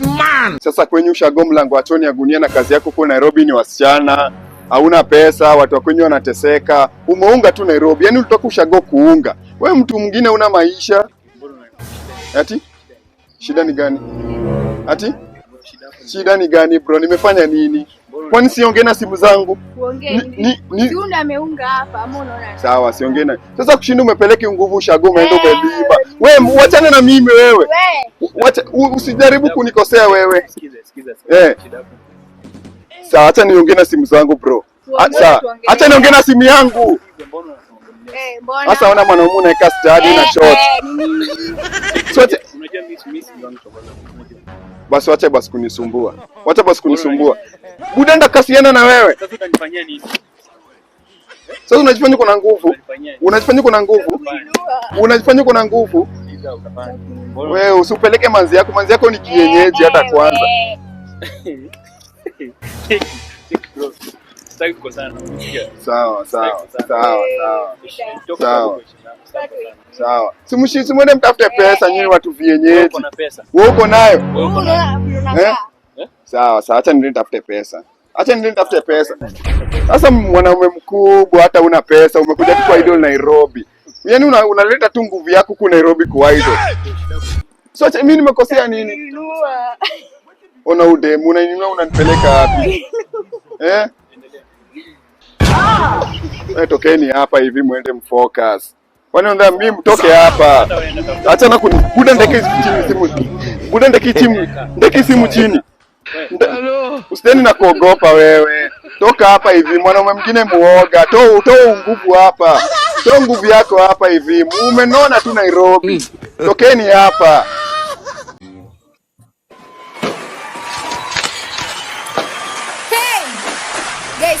man. Sasa kwenye ushago mlango atoni agunia na kazi yako huko Nairobi ni wasichana, hauna pesa, watu wakwenye wanateseka, umeunga tu Nairobi. yani ulitoka ushago kuunga, we mtu mwingine una maisha ati shida ni gani? Ati shida ni gani bro, nimefanya nini? Kwani siongee na simu zangu? Sawa, siongee na. Sasa kushinda umepeleki nguvu ushago umeenda eh, umeliiba. Wewe uachane na mimi wewe. Usijaribu kunikosea wewe. Eh. Sawa, acha niongee na simu zangu bro. Acha. Acha niongee na simu yangu. Eh, Sasa ona mwanaume unaeka stadi na eh, short. Eh, basi wacha basi kunisumbua, wacha basi kunisumbua. Budenda kasiana na wewe sasa. Unajifanya uko na nguvu, unajifanya uko na nguvu, unajifanya uko na nguvu. Wewe usipeleke manzi yako, manzi yako ni kienyeji hata kwanza sitaki kukosana. Sawa sawa sawa simwende mtafute pesa nyinyi watu vienyeji. Wewe uko nayo sawa sawa, acha ndio nitafute pesa, acha ndio nitafute pesa. Sasa mwanaume mkubwa, hata una pesa, umekuja tu kwa idol Nairobi, yaani unaleta tu nguvu yako ku Nairobi kwa idol. So mimi nimekosea nini? Ona udemu unanipeleka wapi? eh ah. Tokeni hapa hivi mwende mfocus. Wanaona mimi mtoke hapa. Acha na kunibuda ndeke chini simu. Buda ndeke chini. Ndeke simu chini. Usiteni na kuogopa wewe. Toka hapa hivi mwanaume mwingine muoga. To to nguvu hapa. Toa nguvu yako hapa hivi. Umenona tu Nairobi. Tokeni hapa. Hey! Guys,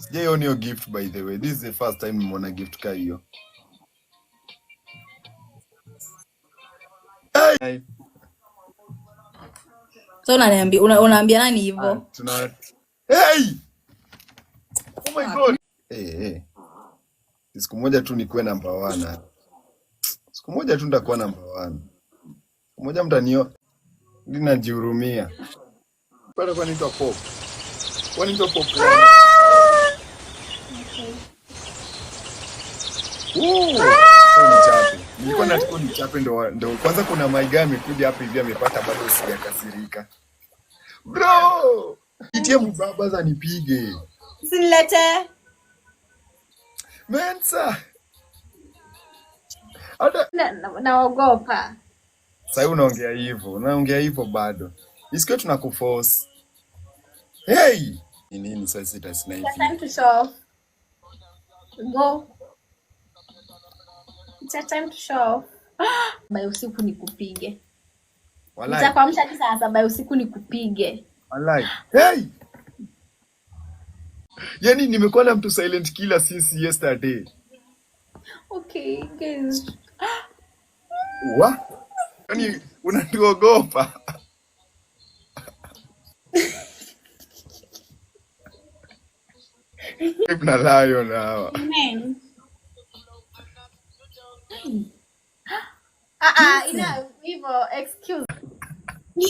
Sijaiona hiyo gift by the way. This is the first time nimeona gift ka hiyo. Hey! So unaniambia una, unaambia nani hivyo? Ah, tuna Hey! Oh my ah. god. Hey, hey. Siku moja tu nikuwe namba ah. 1. Siku moja tu nitakuwa namba 1. Siku moja mtanio ninajihurumia. Pale kwa nitwa pop. Kwa nitwa pop. Ah! Nilikuwa nataka nichape ndo ndo kwanza kuna maiga amekuja hapa hivi amepata bado sijakasirika. Bro, nitie mbaba za nipige. Usinilete. Mensa. Hata naogopa. Sasa unaongea hivyo, unaongea hivyo bado. Isikio tunakuforce. Hey, ni nini sasa sita snipe? Time show. Go. It's a time to show. Bai usiku ni kupige. Walai. Nitakuamsha kisa asa saba usiku ni kupige. Walai. Hey! Yaani nimekuwa na mtu silent killer since yesterday. Okay, guys. Wa? Yani unatuogopa. na Lion ah, ah,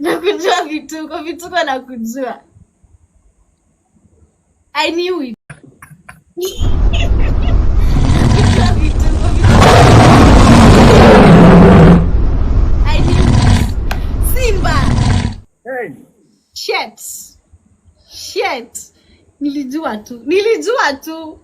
Nakujua vituko, vituko nakujua. I Shit. Shit. Nilijua tu. Nilijua tu.